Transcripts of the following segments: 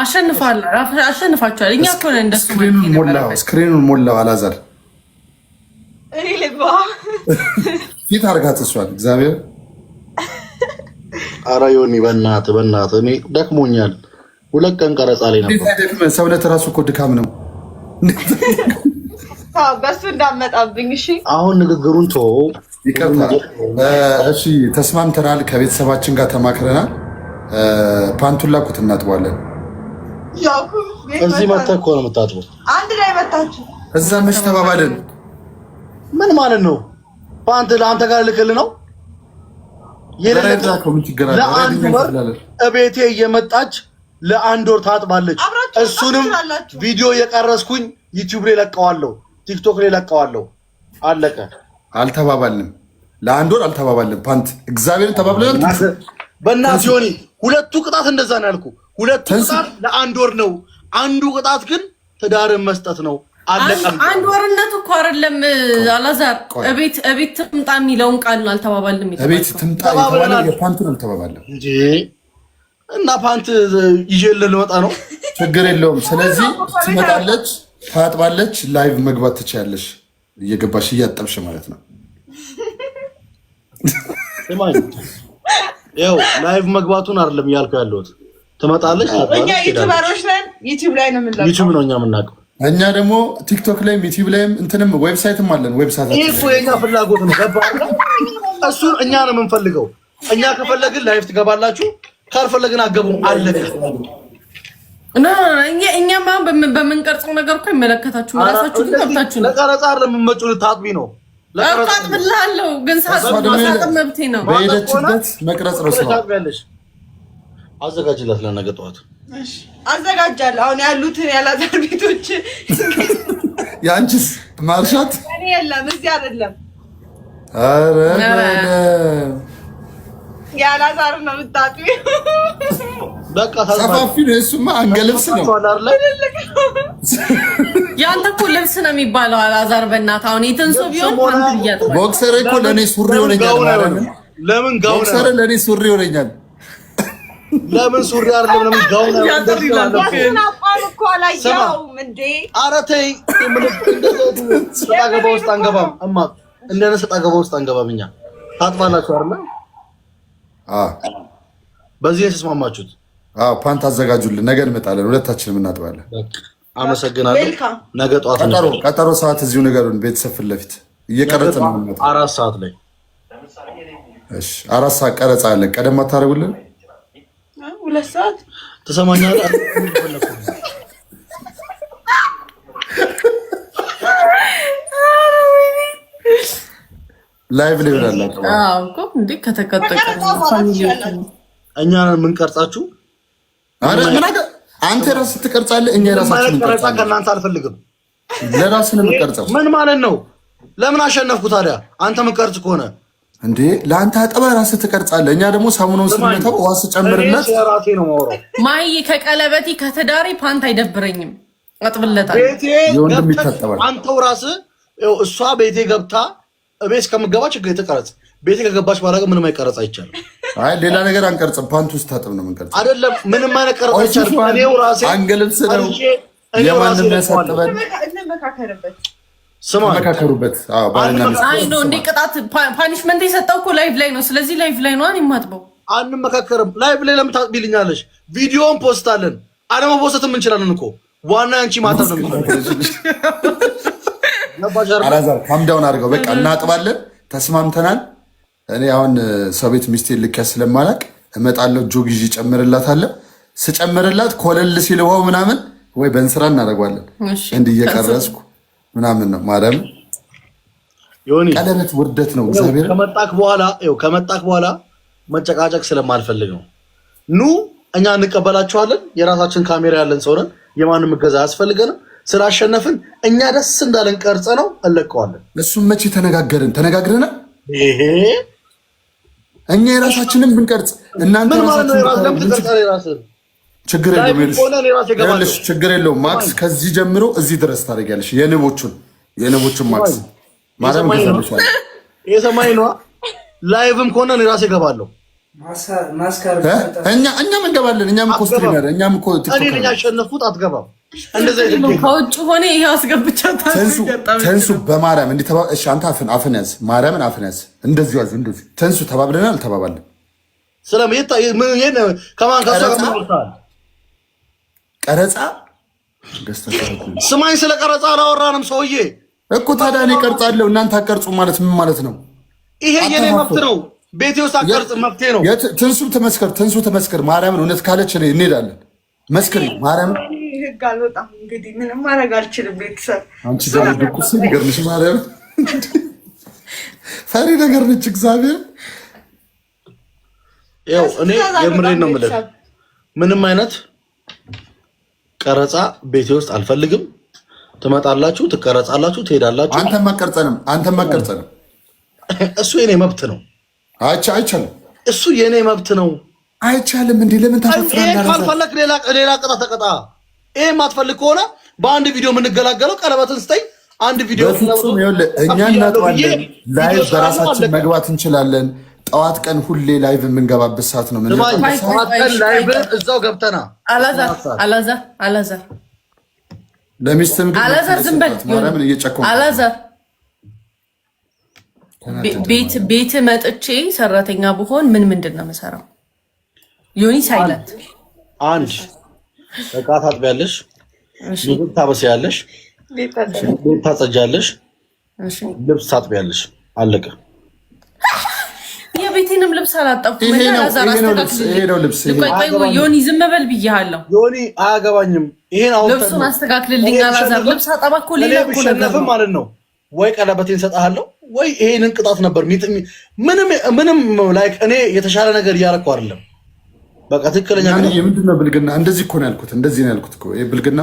አሸንፋችኋል። እኛ እኮ ነን እንደሱ። ስክሪኑን ሞላው አላዛር እኔ ልግባ ፊት አርጋ ጥሷል። እግዚአብሔር አረ ዮኒ በእናትህ በእናትህ እኔ ደክሞኛል። ሁለት ቀን ቀረጻ ላይ ነበር። ሰውነት ራሱ እኮ ድካም ነው። በሱ እንዳመጣብኝ። እሺ አሁን ንግግሩን ቶ እሺ ተስማምተናል። ከቤተሰባችን ጋር ተማክረናል። ፓንቱን ላኩት እናጥቧለን። እዚህ መተህ እኮ ነው የምታድረው። አንድ ላይ መታችሁ እዛ መች ተባባልን። ምን ማለት ነው? በአንተ ለአንተ ጋር ልክልህ ነው ለአንድ ወር እቤቴ እየመጣች ለአንድ ወር ታጥባለች። እሱንም ቪዲዮ የቀረስኩኝ ዩቲዩብ ላይ ለቀዋለሁ፣ ቲክቶክ ላይ ለቀዋለሁ። አለቀ። አልተባባልንም፣ ለአንድ ወር አልተባባልንም። ፓንት እግዚአብሔርን ተባብለናል። በእናትህ ዮኒ ሁለቱ ቅጣት እንደዛ ነው ያልኩህ ሁለቱ ቅጣት ለአንድ ወር ነው። አንዱ ቅጣት ግን ትዳርን መስጠት ነው። አንድ ወርነቱ እኮ አይደለም አላዛር፣ እቤት እቤት ትምጣ የሚለውን ቃል አልተባባልም። እቤት ትምጣ የተባለው የፓንቱን አልተባባልንም እንጂ እና ፓንት ይዤ ልወጣ ነው። ችግር የለውም። ስለዚህ ትመጣለች፣ ታጥባለች፣ ላይቭ መግባት ትችያለሽ። እየገባሽ እያጠብሽ ማለት ነው። ይኸው ላይቭ መግባቱን አይደለም እያልኩ ያለሁት ትመጣለች። እኛ ዩቲዩበሮች ነን፣ ዩቲዩብ ላይ ነው የምንለቀው። ዩቲዩብ ነው እኛ የምናውቀው። እኛ ደግሞ ቲክቶክ ላይም ዩቲዩብ ላይም እንትንም ዌብሳይትም አለን። ዌብሳይት ይሄ እኮ የኛ ፍላጎት ነው። እሱን እኛ ነው የምንፈልገው። እኛ ከፈለግን ላይፍ ትገባላችሁ፣ ካልፈለግን አገቡም አለቀ። እኛም አሁን በምንቀርጸው ነገር እኮ ይመለከታችሁ ራሳችሁ ግን ገብታችሁ ነው ለቀረጻ ለምመጩ ልታጥቢ ነው ለቀረጻ ብላለሁ ግን ሳጥብ መብቴ ነው። በሄደችበት መቅረጽ ነው ስለ አዘጋጅላት ለነገ ጠዋት አዘጋጃለሁ። አሁን ያሉትን ያላዛር ቤቶች የአንቺስ ማርሻት የለም እዚህ አይደለም። ያላዛር ነው ምታጡ ሰፋፊ ነው። እሱማ አንገ ልብስ ነው። ያንተ እኮ ልብስ ነው የሚባለው። አላዛር በእናትህ አሁን የትን ሰው ቢሆን ቦክሰር እኮ ለእኔ ሱሪ ሆነኛል። ለምን ቦክሰር ለእኔ ሱሪ ሆነኛል? ለምን ሱሪ አይደለም? ለምን ጋውን አይደለም? ኧረ ተይ፣ ሰጣ ገባ ውስጥ አንገባም። እማ እንደነ ሰጣ ገባ ውስጥ አንገባም። እኛ ታጥባላችሁ አይደለ? አዎ፣ በዚህ የተስማማችሁት? አዎ። ፓንት አዘጋጁልን፣ ነገ እንመጣለን፣ ሁለታችንም እናጥባለን። አመሰግናለሁ። ነገ ጠዋት ቀጠሮ ቀጠሮ ሰዓት እዚሁ ንገሩን። ቤተሰብ ፊት ለፊት እየቀረጽን ነው። አራት ሰዓት ላይ እሺ፣ አራት ሰዓት ቀረጻ አለን። ቀደም አታደርጉልን? ሁለት ሰዓት ተሰማኛለህ። ላይቭ ላይ ብላላችሁ እኮ እንዴ! ከተቀጠቀ እኛ የምንቀርጻችሁ አንተ ራስህ ትቀርጻለህ። እኛ ራሳችን እንቀርጻለን። ከእናንተ አልፈልግም። ለራስህ ነው የምትቀርጸው። ምን ማለት ነው? ለምን አሸነፍኩ ታዲያ? አንተ የምትቀርጽ ከሆነ እንዴ ለአንተ አጠባ ራስህ ትቀርጻለህ። እኛ ደግሞ ሳሙናውን ስንመታው ዋስ ጨምርለት። ማይ ከቀለበቴ ከተዳሪ ፓንት አይደብረኝም፣ አጥብለታለሁ። የወንድም ይታጠባል። አንተው ራስህ እሷ ቤቴ ገብታ እቤት ከምገባ ችግር የተቀረጽ ቤቴ ከገባች በኋላ ግን ምንም አይቀረጽ አይቻልም። አይ ሌላ ነገር አንቀርጽም። ፓንት ውስጥ ታጥብ ነው የምንቀርጽ። አይደለም ምንም አይነት ቀረጽ አይቻልም። እኔው ራሴ አንገልብስ ነው የማንም ያሳጥበን ስማከሩበት ቅጣት ፓኒሽመንት የሰጠው እኮ ላይቭ ላይ ነው። ስለዚህ ላይቭ ላይ ነዋን የማጥበው አንመካከርም። ላይቭ ላይ ለምን ታጥቢልኛለሽ? ቪዲዮን ፖስታለን አለመፖሰትም እንችላለን እኮ ዋና አንቺ ማጠብ ነው። አላዛር ካምዳውን አድርገው በቃ እናጥባለን። ተስማምተናል። እኔ አሁን ሰው ቤት ሚስቴን ልኪያ ስለማላቅ እመጣለሁ። ጆግ ይዤ እጨምርላታለሁ። ስጨምርላት ኮለል ሲል ውሃው ምናምን ወይ በእንስራ እናደርገዋለን እንዲህ እየቀረስኩ ምናምን ነው ማርያም ቀለበት ውርደት ነው። እግዚአብሔር ከመጣክ በኋላ ከመጣክ በኋላ መጨቃጨቅ ስለማልፈልግ ነው። ኑ እኛ እንቀበላችኋለን። የራሳችን ካሜራ ያለን ሰው ነን። የማንም እገዛ ያስፈልገንም። ስላሸነፍን እኛ ደስ እንዳለን ቀርጸ ነው እንለቀዋለን። እሱም መቼ ተነጋገርን? ተነጋግረና ይሄ እኛ የራሳችንን ብንቀርጽ እናንተ ምን ማለት ነው? ችግር የለውም ማክስ፣ ከዚህ ጀምሮ እዚህ ድረስ ታደርጊያለሽ። የንቦቹን የንቦቹን ማክስ ማለም የሰማይ ነዋ። ላይቭም ከሆነ እኔ ራሴ እገባለሁ። እኛም እንገባለን። እኛም እኮ ስትሪመር፣ እኛም እኮ እኔን ያሸነፍኩት አትገባም። ከውጭ ሆነ ይሄ አስገብቻታል። ተንሱ በማርያም እንዲህ ተባ እሺ፣ አንተ አፍን አፍን ያዝ፣ ማርያምን አፍን ያዝ። እንደዚሁ ያዝ፣ እንደዚሁ ተንሱ። ተባብለናል፣ ተባባለን። ስለምን ከማን ከእሷ ጋር ቀረጻ ስማኝ፣ ስለ ቀረጻ አላወራንም ሰውዬ እኮ። ታዲያ እኔ ቀርጻለሁ እናንተ አቀርጹ ማለት ምን ማለት ነው? ይሄ የኔ መብት ነው። ቤቴ ውስጥ አቀርጽ መብቴ ነው። ትንሱ ተመስከር፣ ትንሱ ተመስከር። ማርያምን እውነት ካለች እንሄዳለን። መስክሪ ማርያምን ህግ አልወጣም። እንግዲህ ምንም ማድረግ አልችልም። ቤተሰብ ፈሪ ነገር ነች። እግዚአብሔር ያው እኔ የምሬን ነው የምልህ ምንም አይነት ቀረጻ ቤቴ ውስጥ አልፈልግም። ትመጣላችሁ፣ ትቀረጻላችሁ፣ ትሄዳላችሁ። አንተ መቀርጸንም አንተ መቀርጸንም እሱ የኔ መብት ነው። አይቻልም። እሱ የኔ መብት ነው። አይቻልም። እንዲ ለምን ታፈፍራለህ? ካልፈለክ ሌላ ቅጣ ተቀጣ። ይሄ የማትፈልግ ከሆነ በአንድ ቪዲዮ የምንገላገለው ቀለበትን ስጠኝ። አንድ ቪዲዮ እኛ እናጠዋለን። ላይ በራሳችን መግባት እንችላለን። ጠዋት ቀን ሁሌ ላይቭ የምንገባበት ሰዓት ነው። ጠዋት ቀን ላይቭ እዛው ገብተና አላዛር ለሚስትም አላዛር ዝም በል አላዛር ቤት ቤት መጥቼ ሰራተኛ ብሆን ምን ምንድን ነው የምሰራው? ዮኒ ሳይለንት አንድ እቃ ታጥቢያለሽ፣ ምግብ ታበስያለሽ፣ ቤት ታጸጃለሽ፣ ልብስ ታጥቢያለሽ። አለቀ። የቤቴንም ልብስ አላጠብኩም። ዮኒ ዝም በል ብያለሁ። ዮኒ አያገባኝም። ይሄን ልብሱን አስተካክልልኝ። አላዛር ልብስ አጠባ እኮ ሌላ እኮ ማለት ነው። ወይ ቀለበቴን ሰጠሃለሁ ወይ ይሄንን ቅጣት ነበር። ምንም ላይክ እኔ የተሻለ ነገር እያደረኩ አይደለም። በቃ ትክክለኛ የምንድን ነው ብልግና? እንደዚህ እኮ ነው ያልኩት። እንደዚህ ነው ያልኩት እኮ ብልግና።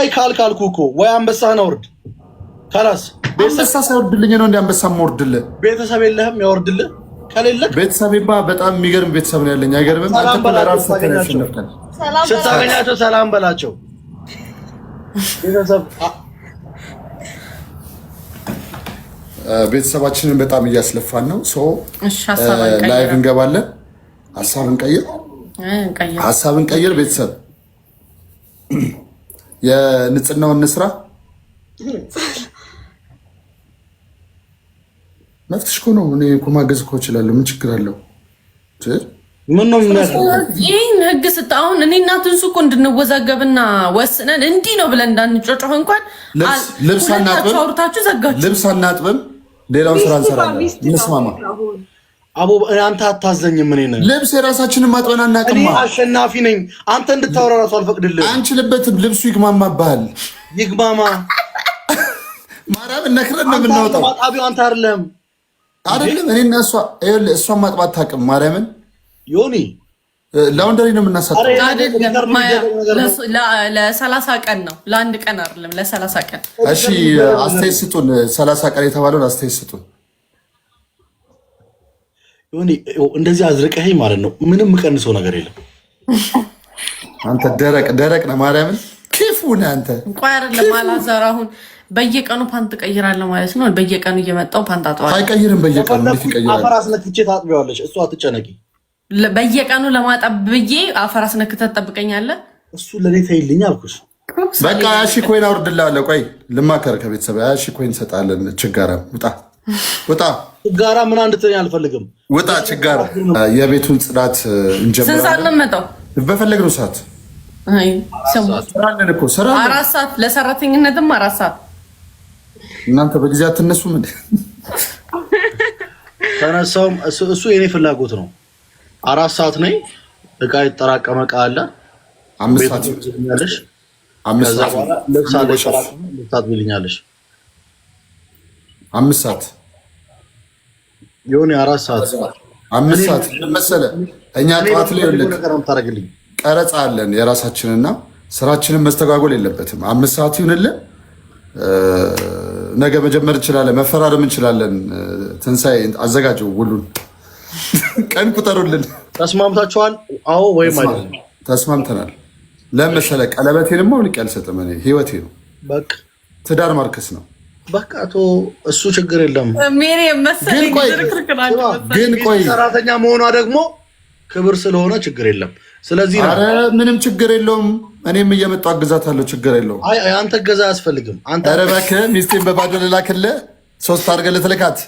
አይ ካልካልኩ እኮ ወይ አንበሳህን አውርድ ከራስ አንበሳ ሳይወርድልኝ ነው እንደ አንበሳ ወርድል። ቤተሰብ የለህም ያወርድል። ከሌለ ይባ በጣም የሚገርም ቤተሰብ ነው ያለኝ። አይገርምም? ስታገኛቸው ሰላም በላቸው። ቤተሰባችንን በጣም እያስለፋን ነው። ላይቭ እንገባለን። ሀሳብ እንቀይር፣ ሀሳብ እንቀይር። ቤተሰብ የንጽህናውን እንስራ። መፍትሽ እኮ ነው። እኔ እኮ ማገዝ እኮ እችላለሁ። ምን ችግር አለው? ምነው ይህን ህግ ስታሁን እኔ እናትን ሱቁ እኮ እንድንወዛገብና ወስነን እንዲህ ነው ብለን እንዳንጮጮህ እንኳን ሁለታችሁ ዘጋችሁ። ልብስ አናጥብም፣ ሌላውን ስራ እንሰራለን። እንስማማ። አቦ አንተ አታዘኝም። ምን ነህ ልብስ የራሳችንን ማጥበን አናውቅም። እኔ አሸናፊ ነኝ። አንተ እንድታወራ ራሱ አልፈቅድልህም። አንችልበትም። ልብሱ ይግማማብሃል። ይግማማ ማርያም ነክረን ነው የምናወጣው። አንተ አይደለህም አይደለም እኔ እና እሷ እሷን ማጥባት ታቅም ማርያምን ዮኒ ላውንደሪ ነው የምናሳጥበው። ለሰላሳ ቀን ነው ለአንድ ቀን አይደለም፣ ለሰላሳ ቀን። እሺ አስተያየት ስጡን። ሰላሳ ቀን የተባለውን አስተያየት ስጡን። ዮኒ እንደዚህ አዝርቀኸኝ ማለት ነው። ምንም የምቀንሰው ነገር የለም። አንተ ደረቅ ደረቅ ነህ ማርያምን ክፉ ነህ አንተ። እንኳን አይደለም አላዛር አሁን በየቀኑ ፓንት እቀይራለሁ ማለት ነው። በየቀኑ እየመጣው ፓንት አጥባለሁ። አይቀይርም። በየቀኑ አፈር አስነክቼ ታጥቢዋለሽ። እሱ አትጨነቂ። በየቀኑ ለማጠብ ብዬ አፈር አስነክተህ ትጠብቀኛለህ። እሱ ለእኔ ተይልኝ አልኩሽ። በቃ ያሺ ኮይን አውርድልሃለሁ። ቆይ ልማከር ከቤተሰብ ያሺ ኮይን እንሰጣለን። ችጋራ ውጣ፣ ውጣ፣ ችጋራ ምን አንድትለኝ አልፈልግም። ውጣ፣ ችጋራ። የቤቱን ጽዳት እንጀምራለን። ስንት ሰዓት ነው በፈለግነው ሰዓት። አራት ሰዓት ለሰራተኝነትም አራት ሰዓት እናንተ በጊዜ አትነሱ። ምን ተነሳውም እሱ የኔ ፍላጎት ነው። አራት ሰዓት ነኝ። እቃ የተጠራቀመ እቃ አለ። አምስት ሰዓት ይልኛለሽ። አምስት ሰዓት አምስት ሰዓት የሆነ አራት ሰዓት አምስት ሰዓት መሰለ። እኛ ጠዋት ላይ ታደርግልኝ ቀረጻ አለን የራሳችንና ስራችንን መስተጓጎል የለበትም። አምስት ሰዓት ይሁንልን። ነገ መጀመር እንችላለን፣ መፈራረም እንችላለን። ትንሣኤ አዘጋጀው፣ ሁሉን ቀን ቁጠሩልን። ተስማምታችኋል? አዎ ወይም ተስማምተናል። ለመሰለ ቀለበቴን ቀለበቴንማ አውልቄ አልሰጥም። እኔ ህይወቴ ነው ትዳር ማርከስ ነው። በቃ አቶ እሱ ችግር የለም። ግን ቆይ ሰራተኛ መሆኗ ደግሞ ክብር ስለሆነ ችግር የለም። ስለዚህ ምንም ችግር የለውም። እኔም እየመጣሁ አግዛታለሁ። ችግር የለውም። አንተ እገዛ አያስፈልግም። ኧረ እባክህ ሚስቴን በባዶ ልላክልህ፣ ሶስት አድርገህ ልትልካት።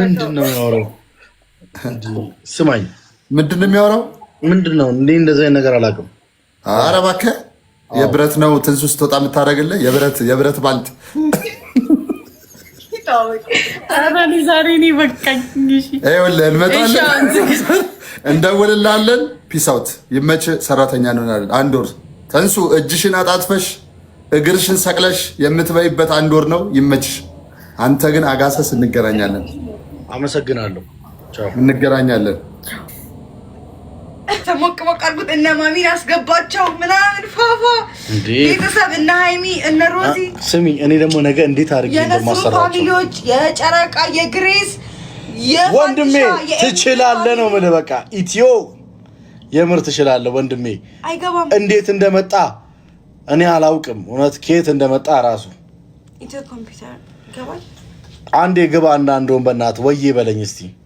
ምንድን ነው የሚያወራው? ስማኝ፣ ምንድን ነው የሚያወራው? ምንድን ነው እንዲህ እንደዚህ አይነት ነገር አላውቅም። ኧረ እባክህ የብረት ነው ትንሱ ስትወጣ የምታደርግልህ የብረት የብረት ባልት እንደውልላለን። ፒስ አውት ይመች። ሰራተኛ እንሆናለን። አንድ ወር ተንሱ፣ እጅሽን አጣጥፈሽ እግርሽን ሰቅለሽ የምትበይበት አንድ ወር ነው። ይመችሽ። አንተ ግን አጋሰስ፣ እንገናኛለን። አመሰግናለሁ። እንገናኛለን። ሞቅ ሞቅ አድርጉት። እነ ማሚን አስገባቸው ምናምን ፋፋ ቤተሰብ እነ ሀይሚ እነ ሮዚ ስሚ። እኔ ደግሞ ነገ እንዴት የነሱ ፋሚሊዎች የጨረቃ የግሬስ ወንድሜ ትችላለህ ነው የምልህ። በቃ ኢትዮ የምር ትችላለህ ወንድሜ። አይገባም እንዴት እንደመጣ እኔ አላውቅም፣ እውነት ከየት እንደመጣ ራሱ ኢትዮ ኮምፒውተር ገባል። አንዴ ግባ እንዳንዶን በእናትህ ወይዬ በለኝ እስቲ